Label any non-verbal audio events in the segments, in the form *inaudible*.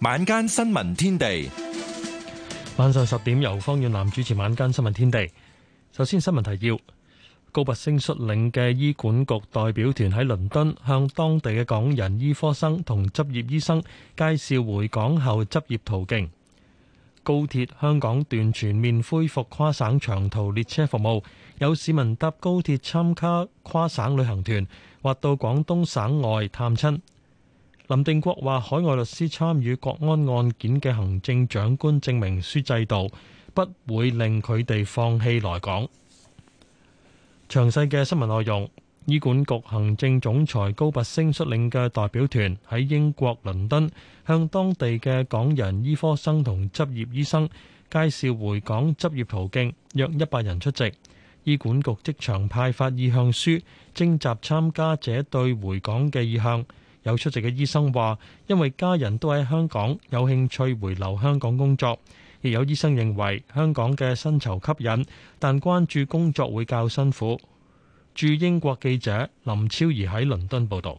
晚間新聞天地，晚上十點由方遠南主持晚間新聞天地。首先新聞提要：高拔升率領嘅醫管局代表團喺倫敦向當地嘅港人醫科生同執業醫生介紹回港後執業途徑。高鐵香港段全面恢復跨省長途列車服務，有市民搭高鐵參加跨省旅行團或到廣東省外探親。林定國話：海外律師參與國安案件嘅行政長官證明書制度，不會令佢哋放棄來港。詳細嘅新聞內容，醫管局行政總裁高拔升率領嘅代表團喺英國倫敦向當地嘅港人醫科生同執業醫生介紹回港執業途徑，約一百人出席。醫管局即場派發意向書，徵集參加者對回港嘅意向。有出席嘅醫生話，因為家人都喺香港，有興趣回流香港工作。亦有醫生認為香港嘅薪酬吸引，但關注工作會較辛苦。駐英國記者林超儀喺倫敦報導。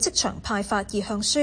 即場派發意向書，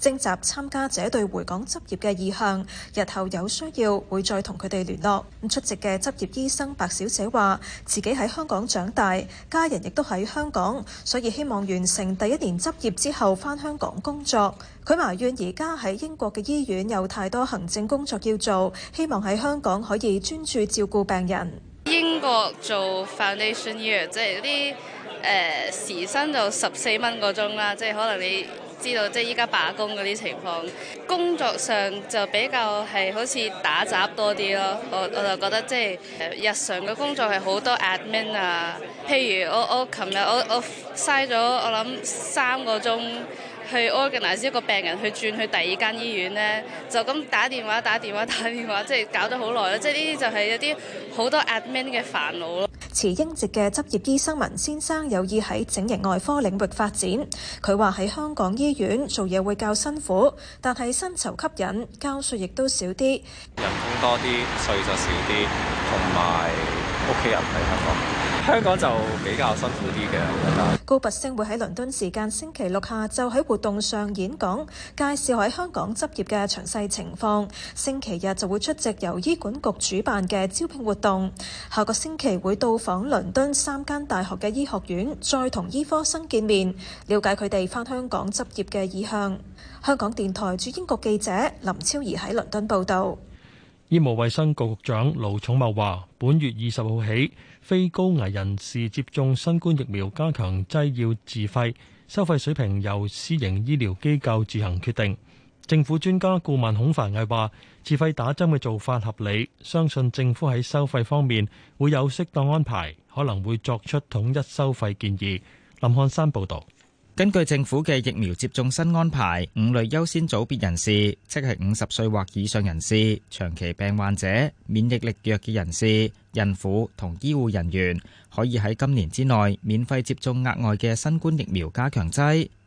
徵集參加者對回港執業嘅意向。日後有需要會再同佢哋聯絡。咁出席嘅執業醫生白小姐話：自己喺香港長大，家人亦都喺香港，所以希望完成第一年執業之後返香港工作。佢埋怨而家喺英國嘅醫院有太多行政工作要做，希望喺香港可以專注照顧病人。英國做 foundation year 即係啲。誒、呃、時薪就十四蚊個鐘啦，即係可能你知道，即係依家罷工嗰啲情況，工作上就比較係好似打雜多啲囉。我我就覺得即係日常嘅工作係好多 admin 啊，譬如我我琴日我我嘥咗我諗三個鐘。去 organize 一個病人去轉去第二間醫院呢，就咁打電話打電話打電話，打電話，即係搞咗好耐咯。即係呢啲就係有啲好多 admin 嘅煩惱咯。持英籍嘅執業醫生文先生有意喺整形外科領域發展。佢話喺香港醫院做嘢會較辛苦，但係薪酬吸引，交稅亦都少啲。人工多啲，稅就少啲，同埋屋企人喺香港。香港就比較辛苦啲嘅。高拔陞會喺倫敦時間星期六下晝喺活動上演講，介紹喺香港執業嘅詳細情況，星期日就會出席由醫管局主辦嘅招聘活動，下個星期會到訪倫敦三間大學嘅醫學院，再同醫科生見面，了解佢哋返香港執業嘅意向。香港電台駐英國記者林超兒喺倫敦報道。醫務衛生局局長盧寵茂話本月二十號起，非高危人士接種新冠疫苗加強劑要自費，收費水平由私營醫療機構自行決定。政府專家顧問孔凡毅話自費打針嘅做法合理，相信政府喺收費方面會有適當安排，可能會作出統一收費建議，林漢山報道。根據政府嘅疫苗接種新安排，五類優先組別人士，即係五十歲或以上人士、長期病患者、免疫力弱嘅人士、孕婦同醫護人員，可以喺今年之內免費接種額外嘅新冠疫苗加強劑。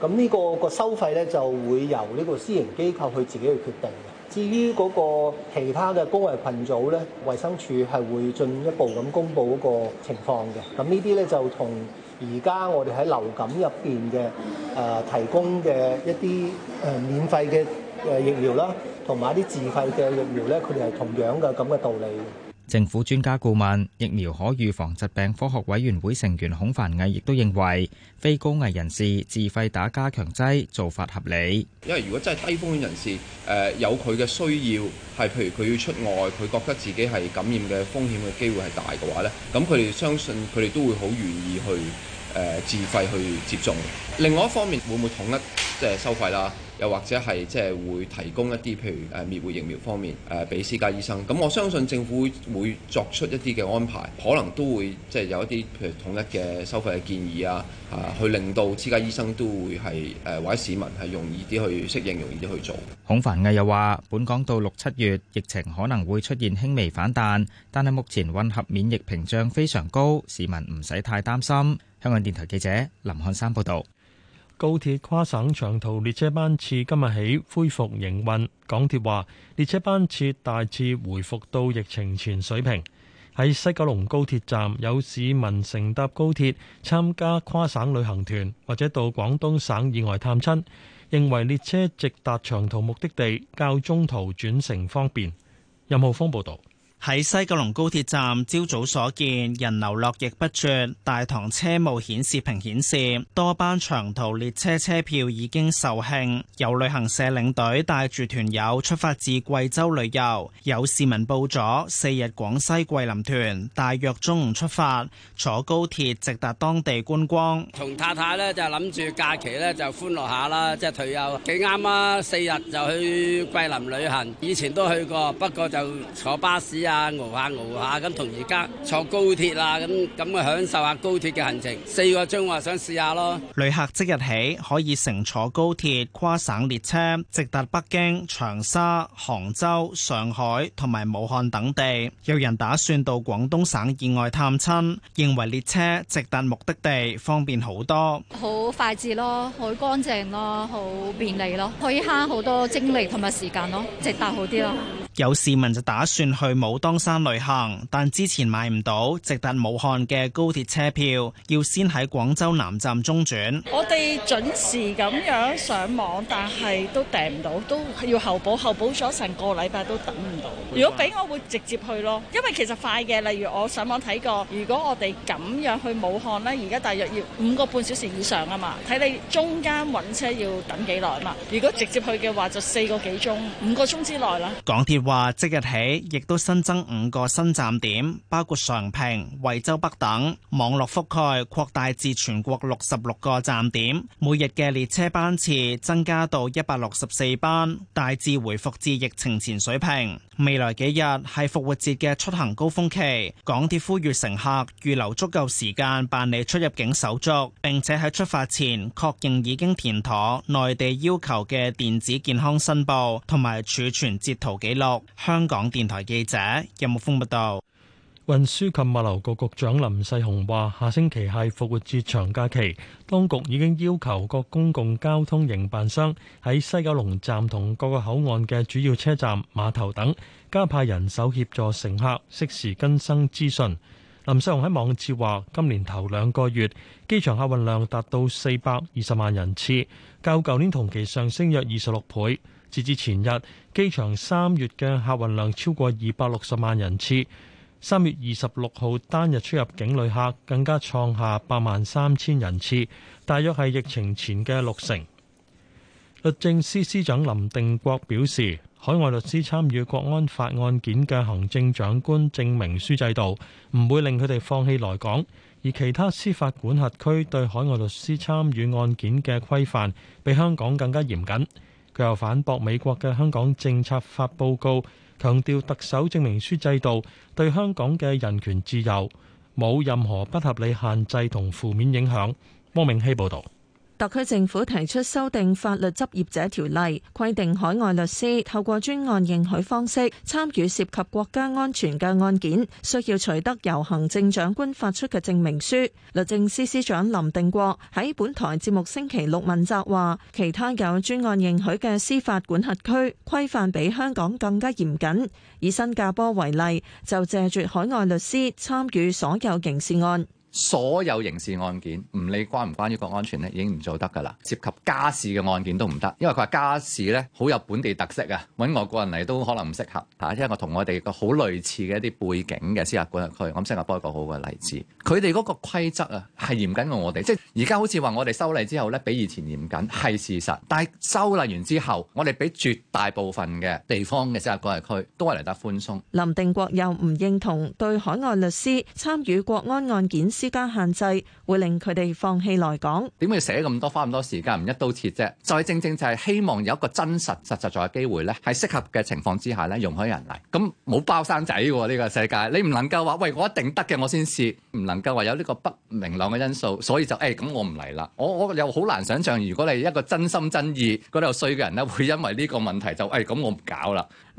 咁呢個個收費咧就會由呢個私營機構去自己去決定嘅。至於嗰個其他嘅高危群組咧，衛生署係會進一步咁公布嗰個情況嘅。咁呢啲咧就同而家我哋喺流感入邊嘅誒提供嘅一啲誒、呃、免費嘅誒疫苗啦，同埋一啲自費嘅疫苗咧，佢哋係同樣嘅咁嘅道理。政府專家顧問，疫苗可預防疾病科學委員會成員孔凡毅亦都認為，非高危人士自費打加強劑做法合理。因為如果真係低風險人士，誒有佢嘅需要，係譬如佢要出外，佢覺得自己係感染嘅風險嘅機會係大嘅話呢，咁佢哋相信佢哋都會好願意去誒自費去接種。另外一方面，會唔會統一即係、就是、收費啦？又或者係即係會提供一啲譬如誒滅活疫苗方面誒俾私家醫生，咁我相信政府會作出一啲嘅安排，可能都會即係有一啲譬如統一嘅收費嘅建議啊，啊，去令到私家醫生都會係誒、啊、或者市民係容易啲去適應，容易啲去做。孔凡毅又話：本港到六七月疫情可能會出現輕微反彈，但係目前混合免疫屏障非常高，市民唔使太擔心。香港電台記者林漢山報導。高鐵跨省長途列車班次今日起恢復營運，港鐵話列車班次大致回復到疫情前水平。喺西九龍高鐵站，有市民乘搭高鐵參加跨省旅行團，或者到廣東省以外探親，認為列車直達長途目的地較中途轉乘方便。任浩峰報道。喺西九龍高鐵站，朝早所見人流絡繹不絕。大堂車務顯示屏顯示多班長途列車車票已經售罄。有旅行社領隊帶住團友出發至貴州旅遊。有市民報咗四日廣西桂林團，大約中午出發，坐高鐵直達當地觀光。同太太咧就諗住假期咧就歡樂下啦，即係退休幾啱啊！四日就去桂林旅行。以前都去過，不過就坐巴士啊。啊，下咁，同而家坐高鐵啊，咁咁啊享受下高鐵嘅行程。四個鐘，話想試下咯。旅客即日起可以乘坐高鐵、跨省列車直達北京、長沙、杭州、上海同埋武漢等地。有人打算到廣東省以外探親，認為列車直達目的地方便好多。好快捷咯，好乾淨咯，好便利咯，可以慳好多精力同埋時間咯，直達好啲咯。有市民就打算去武當山旅行，但之前買唔到直達武漢嘅高鐵車票，要先喺廣州南站中轉。我哋準時咁樣上網，但係都訂唔到，都要候補，候補咗成個禮拜都等唔到。如果俾我，我會直接去咯，因為其實快嘅。例如我上網睇過，如果我哋咁樣去武漢呢，而家大約要五個半小時以上啊嘛，睇你中間搵車要等幾耐啊嘛。如果直接去嘅話，就四個幾鐘，五個鐘之內啦。港鐵話即日起亦都新增。增五個新站點，包括常平、惠州北等，網絡覆蓋擴大至全國六十六個站點，每日嘅列車班次增加到一百六十四班，大致回復至疫情前水平。未來幾日係復活節嘅出行高峰期，港鐵呼籲乘客預留足夠時間辦理出入境手續，並且喺出發前確認已經填妥內地要求嘅電子健康申報，同埋儲存截圖記錄。香港電台記者。有目共睹。運輸及物流局局長林世雄話，下星期係復活節長假期，當局已經要求各公共交通營辦商喺西九龍站同各個口岸嘅主要車站、碼頭等，加派人手協助乘客，適時更新資訊。林世雄喺網誌話，今年頭兩個月機場客運量達到四百二十萬人次，較舊年同期上升約二十六倍。截至前日，機場三月嘅客運量超過二百六十萬人次。三月二十六號單日出入境旅客更加創下八萬三千人次，大約係疫情前嘅六成。律政司司長林定國表示，海外律師參與國安法案件嘅行政長官證明書制度，唔會令佢哋放棄來港。而其他司法管轄區對海外律師參與案件嘅規範，比香港更加嚴謹。佢又反駁美國嘅香港政策法報告，強調特首證明書制度對香港嘅人權自由冇任何不合理限制同負面影響。汪明希報導。特區政府提出修訂法律執業者條例，規定海外律師透過專案認許方式參與涉及國家安全嘅案件，需要取得由行政長官發出嘅證明書。律政司司長林定國喺本台節目星期六問責話，其他有專案認許嘅司法管轄區規範比香港更加嚴謹。以新加坡為例，就謝絕海外律師參與所有刑事案。所有刑事案件唔理關唔關於國安全咧，已經唔做得㗎啦。涉及家事嘅案件都唔得，因為佢話家事咧好有本地特色啊，揾外國人嚟都可能唔適合嚇。因、啊、為我同我哋個好類似嘅一啲背景嘅司法管轄區，我諗新加坡一個好嘅例子，佢哋嗰個規則啊係嚴謹過我哋。即係而家好似話我哋修例之後呢，比以前嚴謹係事實。但係修例完之後，我哋俾絕大部分嘅地方嘅司法管轄區都係嚟得寬鬆。林定國又唔認同對海外律師參與國安案件。之間限制會令佢哋放棄來港。點會寫咁多，花咁多時間，唔一刀切啫？就係、是、正正就係希望有一個真實、實實在在嘅機會咧，係適合嘅情況之下咧，容許人嚟。咁冇包生仔嘅呢、啊這個世界，你唔能夠話喂，我一定得嘅，我先試。唔能夠話有呢個不明朗嘅因素，所以就誒、咁、哎，我唔嚟啦。我我又好難想象，如果你一個真心真意嗰度衰嘅人咧，會因為呢個問題就誒、咁、哎，我唔搞啦。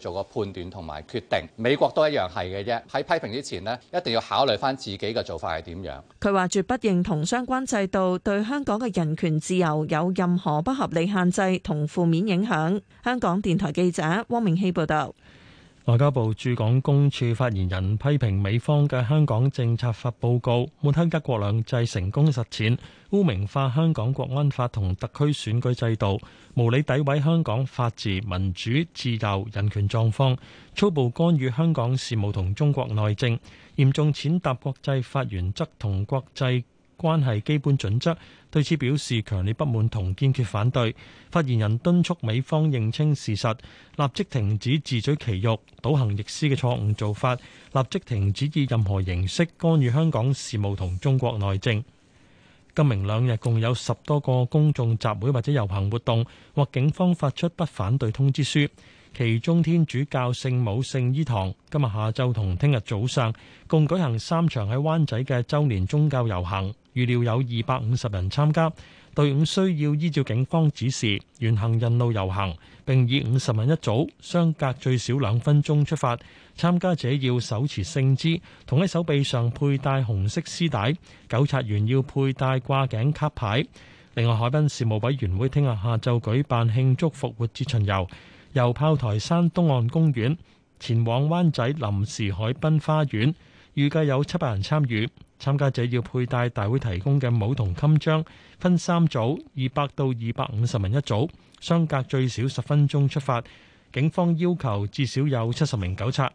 做個判斷同埋決定，美國都一樣係嘅啫。喺批評之前咧，一定要考慮翻自己嘅做法係點樣。佢話：絕不認同相關制度對香港嘅人權自由有任何不合理限制同負面影響。香港電台記者汪明熙報導。外交部駐港公署發言人批評美方嘅《香港政策法》報告，抹黑一國兩制成功實踐，污名化香港國安法同特區選舉制度，無理詆毀香港法治、民主、自由、人權狀況，粗暴干預香港事務同中國內政，嚴重踐踏國際法原則同國際關係基本準則，對此表示強烈不滿同堅決反對。發言人敦促美方認清事實，立即停止自取其辱、倒行逆施嘅錯誤做法，立即停止以任何形式干預香港事務同中國內政。今明兩日共有十多個公眾集會或者遊行活動，獲警方發出不反對通知書。其中天主教聖母聖衣堂今日下晝同聽日早上共舉行三場喺灣仔嘅周年宗教遊行，預料有二百五十人參加。隊伍需要依照警方指示沿行人路遊行，並以五十人一組，相隔最少兩分鐘出發。參加者要手持聖枝，同喺手臂上佩戴紅色絲帶。糾察員要佩戴掛頸卡牌。另外，海濱事務委員會聽日下晝舉辦慶祝復活節巡遊。由炮台山東岸公園前往灣仔臨時海濱花園，預計有七百人參與。參加者要佩戴大會提供嘅帽同襟章，分三組，二百到二百五十人一組，相隔最少十分鐘出發。警方要求至少有七十名糾察。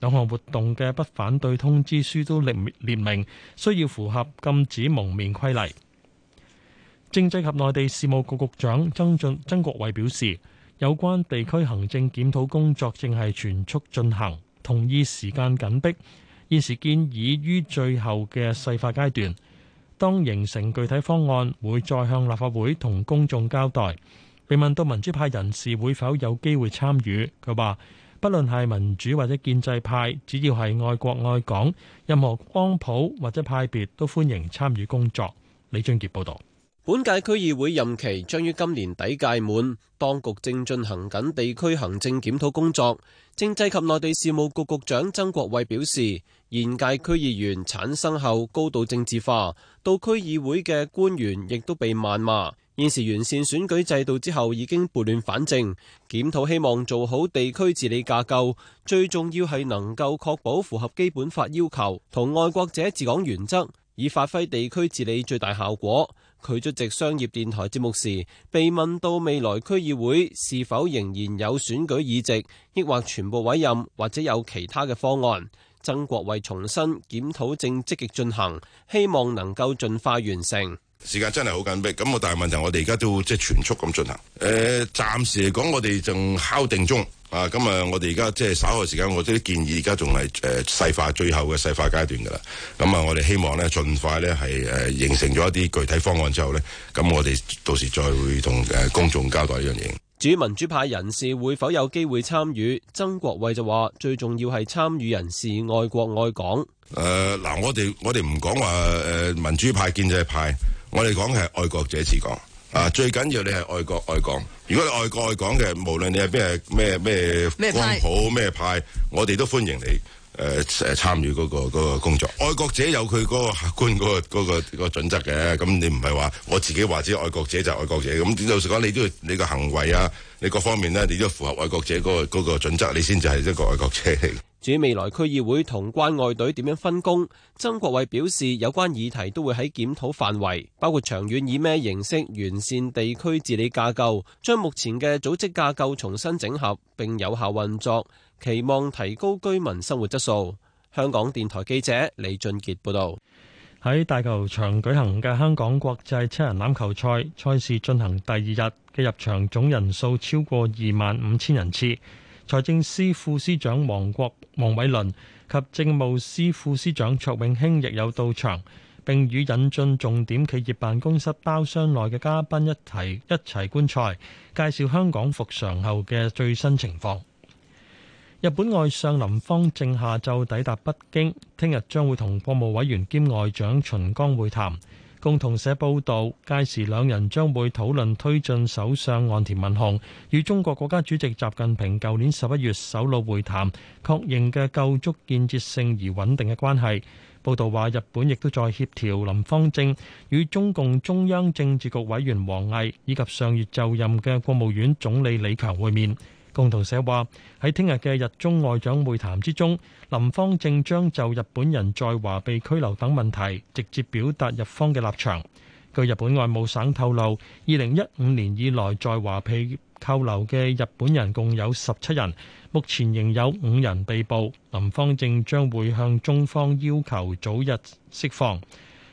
兩項活動嘅不反對通知書都列列明，需要符合禁止蒙面規例。政制及內地事務局局長曾俊曾國衞表示。有關地區行政檢討工作正係全速進行，同意時間緊迫。現時建議於最後嘅細化階段，當形成具體方案，會再向立法會同公眾交代。被問到民主派人士會否有機會參與，佢話：「不論係民主或者建制派，只要係愛國愛港，任何光譜或者派別都歡迎參與工作。」李俊傑報導。本屆區議會任期將於今年底屆滿，當局正進行緊地區行政檢討工作。政制及內地事務局局，局長曾國衛表示，現屆區議員產生後高度政治化，到區議會嘅官員亦都被謾罵。現時完善選舉制度之後，已經撥亂反正，檢討希望做好地區治理架構，最重要係能夠確保符合基本法要求同愛國者治港原則，以發揮地區治理最大效果。佢出席商業電台節目時，被問到未來區議會是否仍然有選舉議席，抑或全部委任，或者有其他嘅方案？曾國衛重申檢討正積極進行，希望能夠盡快完成。時間真係好緊迫，咁個大問題我哋而家都即係全速咁進行。誒、呃，暫時嚟講，我哋仲敲定中啊，咁啊，我哋而家即係稍後時間，我哋都建議而家仲係誒細化最後嘅細化階段噶啦。咁啊，我哋希望咧盡快咧係誒形成咗一啲具體方案之後咧，咁、啊、我哋到時再會同誒公眾交代呢樣嘢。至於民主派人士會否有機會參與？曾國衛就話最重要係參與人士愛國愛港。誒嗱、呃呃，我哋我哋唔講話誒民主派建制派。我哋講係愛國者治港，啊最緊要是你係愛國愛港。如果你愛國愛港嘅，無論你係邊係咩咩光譜咩派，我哋都歡迎你誒誒、呃、參與嗰、那個、那個工作。愛國者有佢嗰、那個客觀嗰個嗰、那個、那個準則嘅。咁你唔係話我自己話自己愛國者就愛國者。咁老實講，你都要你個行為啊，你各方面咧、啊，你都符合愛國者嗰、那個嗰、那個準則，你先至係一個愛國者。至於未來區議會同關外隊點樣分工，曾國衛表示有關議題都會喺檢討範圍，包括長遠以咩形式完善地區治理架構，將目前嘅組織架構重新整合，並有效運作，期望提高居民生活質素。香港電台記者李俊傑報道。喺大球場舉行嘅香港國際七人欖球賽賽事進行第二日嘅入場總人數超過二萬五千人次。財政司副司長黃國黃偉綸及政務司副司長卓永興亦有到場，並與引進重點企業辦公室包廂內嘅嘉賓一齊一齊觀賽，介紹香港復常後嘅最新情況。日本外相林芳正下晝抵達北京，聽日將會同國務委員兼外長秦剛會談。共同社報道，屆時兩人將會討論推進首相岸田文雄與中國國家主席習近平舊年十一月首腦會談確認嘅夠足建設性而穩定嘅關係。報道話，日本亦都在協調林芳正與中共中央政治局委員王毅以及上月就任嘅國務院總理李強會面。共同社話：喺聽日嘅日中外長會談之中，林芳正將就日本人在華被拘留等問題直接表達日方嘅立場。據日本外務省透露，二零一五年以來在華被扣留嘅日本人共有十七人，目前仍有五人被捕。林芳正將會向中方要求早日釋放。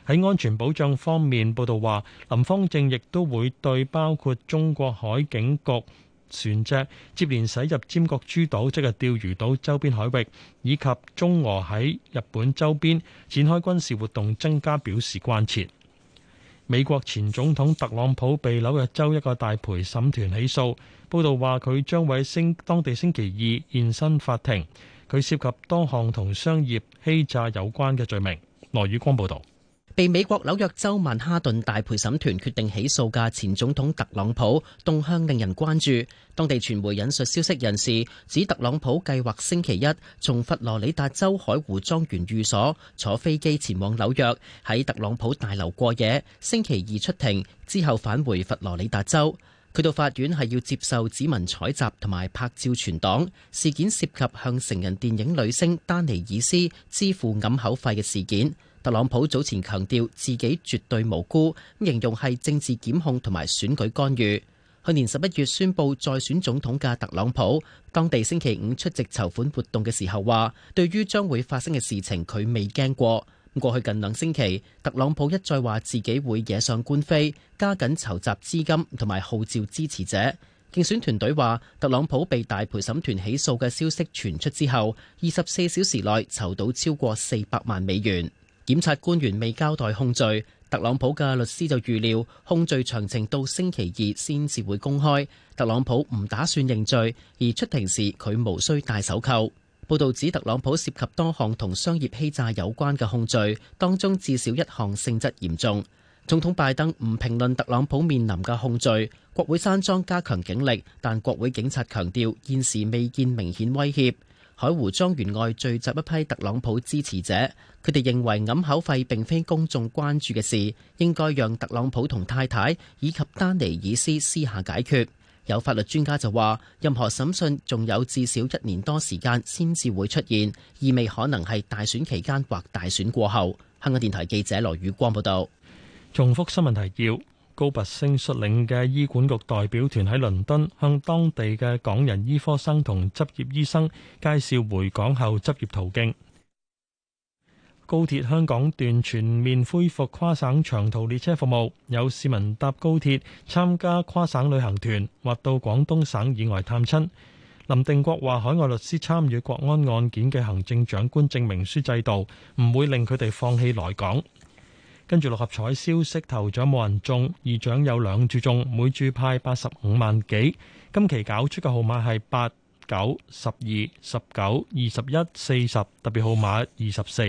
喺安全保障方面，報道話林芳正亦都會對包括中國海警局，船隻接連駛入尖閣諸島，即係釣魚島周邊海域，以及中俄喺日本周邊展開軍事活動，增加表示關切。美國前總統特朗普被紐約州一,一個大陪審團起訴，報道話佢將會喺星當地星期二現身法庭，佢涉及多項同商業欺詐有關嘅罪名。羅宇光報道。被美國紐約州曼哈頓大陪審團決定起訴嘅前總統特朗普動向令人關注。當地傳媒引述消息人士指，特朗普計劃星期一從佛羅里達州海湖莊園寓所坐飛機前往紐約，喺特朗普大樓過夜，星期二出庭，之後返回佛羅里達州。佢到法院係要接受指紋採集同埋拍照存檔。事件涉及向成人電影女星丹尼爾斯支付揞口費嘅事件。特朗普早前強調自己絕對無辜，形容係政治檢控同埋選舉干預。去年十一月宣布再選總統嘅特朗普，當地星期五出席籌款活動嘅時候話，對於將會發生嘅事情，佢未驚過。過去近兩星期，特朗普一再話自己會惹上官非，加緊籌集資金同埋號召支持者。競選團隊話，特朗普被大陪審團起訴嘅消息傳出之後，二十四小時內籌到超過四百萬美元。檢察官員未交代控罪，特朗普嘅律師就預料控罪詳情到星期二先至會公開。特朗普唔打算認罪，而出庭時佢無需戴手扣。報道指特朗普涉及多項同商業欺詐有關嘅控罪，當中至少一項性質嚴重。總統拜登唔評論特朗普面臨嘅控罪。國會山莊加強警力，但國會警察強調現時未見明顯威脅。海湖莊園外聚集一批特朗普支持者，佢哋認為揞口費並非公眾關注嘅事，應該讓特朗普同太太以及丹尼爾斯私下解決，有法律專家就話，任何審訊仲有至少一年多時間先至會出現，意味可能係大選期間或大選過後。香港電台記者羅宇光報道。重複新聞提要。高拔陞率領嘅醫管局代表團喺倫敦向當地嘅港人醫科生同執業醫生介紹回港後執業途徑。高鐵香港段全面恢復跨省長途列車服務，有市民搭高鐵參加跨省旅行團或到廣東省以外探親。林定國話：海外律師參與國安案件嘅行政長官證明書制度，唔會令佢哋放棄來港。跟住六合彩消息，頭獎冇人中，二獎有兩注中，每注派八十五萬幾。今期搞出嘅號碼係八九十二十九二十一四十，特別號碼二十四。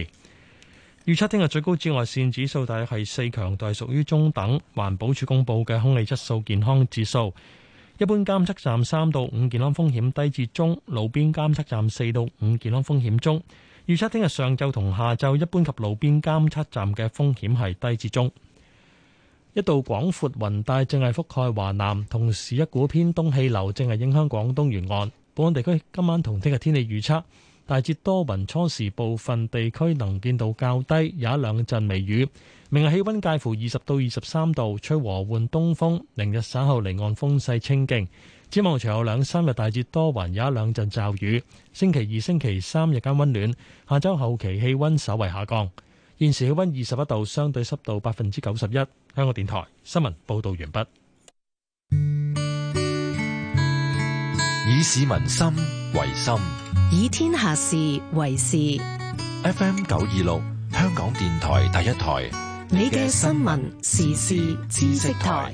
預測聽日最高紫外線指數大約係四強，但係屬於中等。環保署公布嘅空氣質素健康指數，一般監測站三到五健康風險低至中，路邊監測站四到五健康風險中。預測聽日上晝同下晝一般及路邊監測站嘅風險係低至中。一道廣闊雲帶正係覆蓋華南，同時一股偏東氣流正係影響廣東沿岸。本港地區今晚同聽日天氣預測大致多雲，初時部分地區能見度較低，有一兩陣微雨。明日氣溫介乎二十到二十三度，吹和緩東風。明日稍後離岸風勢清勁。展望隨後兩、三日大熱多雲，有一兩陣驟雨。星期二、星期三日間溫暖，下周後期氣溫稍為下降。現時氣溫二十一度，相對濕度百分之九十一。香港電台新聞報道完畢。以市民心為心，以天下事為事。FM 九二六，香港電台第一台，你嘅新聞時事知識台。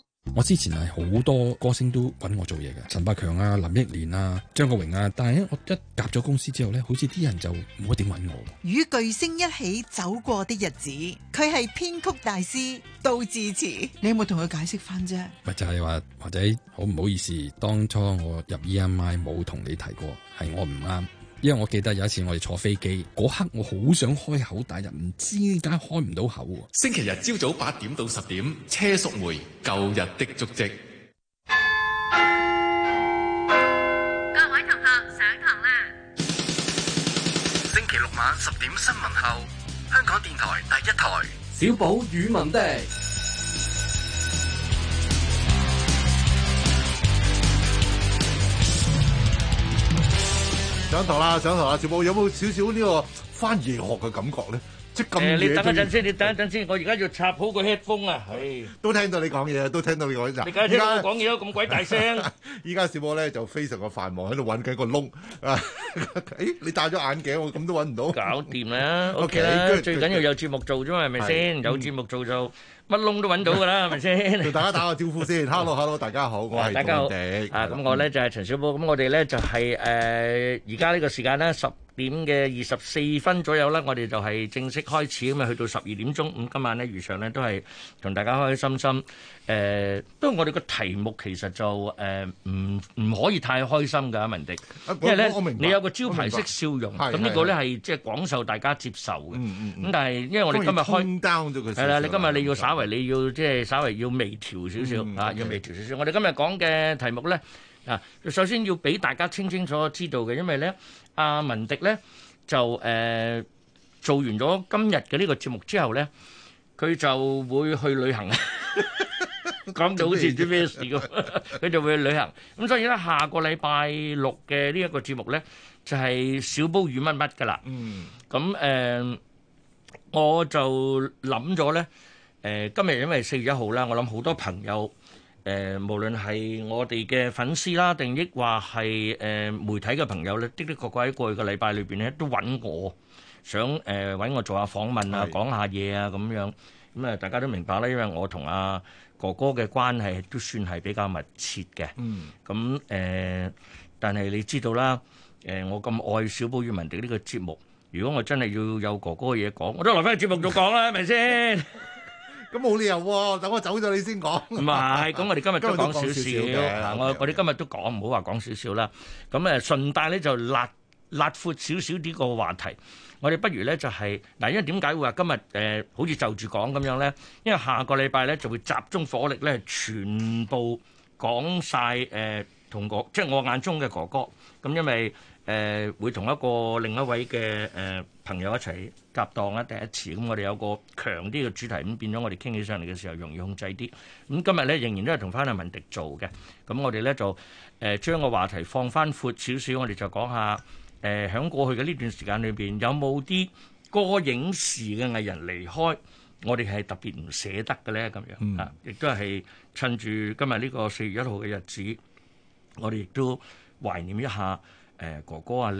我之前係好多歌星都揾我做嘢嘅，陳百強啊、林憶蓮啊、張國榮啊，但係咧我一夾咗公司之後咧，好似啲人就冇一點揾我。與巨星一起走過的日子，佢係編曲大師，杜自持。你有冇同佢解釋翻啫？咪就係話或者好唔好意思，當初我入 E M I 冇同你提過，係我唔啱。因為我記得有一次我哋坐飛機，嗰刻我好想開口打，但係唔知點解開唔到口喎。星期日朝早八點到十點，車淑梅《舊日的足跡》。各位同學上堂啦。星期六晚十點新聞後，香港電台第一台小寶語文的。上堂啦，上堂啦，小波有冇少少呢個翻夜學嘅感覺咧？即咁夜都。誒，你等一陣先，你等一陣先，我而家要插好個 headphone 啊！唉，都聽到你講嘢，都聽到你講嘢。你而家聽我講嘢都咁鬼大聲。依家小波咧就非常嘅繁忙喺度搵緊個窿啊！誒，你戴咗眼鏡，我咁都搵唔到。搞掂啦，OK 啦，最緊要有節目做啫嘛，係咪先？有節目做就。乜窿都揾到㗎啦，係咪先？同大家打個招呼先 *laughs* *laughs* ，Hello，Hello，大家好，我係張永定。 *laughs* 啊，咁我咧就係、是、陳小寶。咁我哋咧就係、是、誒，而家呢個時間咧十點嘅二十四分左右咧，我哋就係正式開始咁啊！去到十二點鐘，咁今晚咧如常咧都係同大家開開心心。誒、呃，不過我哋個題目其實就誒唔唔可以太開心㗎，文迪，因為咧我明白、你有個招牌式笑容，咁呢個咧係即係廣受大家接受嘅。咁但係因為我哋今日開係啦、嗯嗯嗯，你今日你要稍為、嗯、你要即係稍為要微，微調少少啊，要微調少少。的我哋今日講嘅題目咧。啊！首先要俾大家清清楚知道嘅，因為咧，阿文迪咧就誒做完咗今日嘅呢個節目之後咧，佢就會去旅行。咁就好似唔知咩事咁，佢就會去旅行。咁所以咧，下個禮拜六嘅呢一個節目咧，就係小煲魚乜乜噶啦。嗯。咁誒，我就諗咗咧，誒今日因為四月一號啦，我諗好多朋友。誒、呃，無論係我哋嘅粉絲啦，定抑或係誒媒體嘅朋友咧，的的確確喺過去嘅禮拜裏邊咧，都揾我，想誒揾、呃、我做下訪問啊，講是的 下嘢啊，咁樣。咁、嗯、啊，大家都明白啦，因為我同阿哥哥嘅關係都算係比較密切嘅、嗯嗯。嗯。咁、嗯、誒，但係你知道啦，誒、呃，我咁愛《小寶與文迪》呢個節目，如果我真係要有哥哥嘅嘢講，我都留翻個節目度講啦，係咪先？咁冇理由喎、啊，等我走咗你先講。唔 *laughs* 係，咁我哋今日都講少少嘅。我哋今日都講，唔好話講少少啦。咁誒順帶咧就辣辣闊少少啲個話題。我哋不如咧就係、是、嗱，因為點解會話今日誒、呃、好似就住講咁樣咧？因為下個禮拜咧就會集中火力咧，全部講晒誒、呃、同我即係我眼中嘅哥哥。咁因為誒、呃、會同一個另一位嘅誒。呃朋友一齊夾檔啦，第一次，咁我哋有個強啲嘅主題，咁變咗我哋傾起上嚟嘅時候容易控制啲。咁、嗯、今日咧仍然都係同翻阿文迪做嘅，咁我哋咧就誒、呃、將個話題放翻闊少少，我哋就講下誒喺、呃、過去嘅呢段時間裏邊有冇啲歌影視嘅藝人離開，我哋係特別唔捨得嘅咧咁樣、嗯、啊，亦都係趁住今日呢個四月一號嘅日子，我哋亦都懷念一下誒、呃、哥哥啊！